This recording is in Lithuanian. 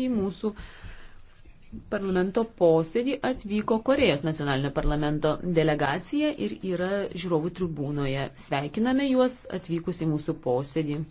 į mūsų parlamento posėdį atvyko Korejos nacionalinio parlamento delegacija ir yra žiūrovų tribūnoje. Sveikiname juos atvykus į mūsų posėdį.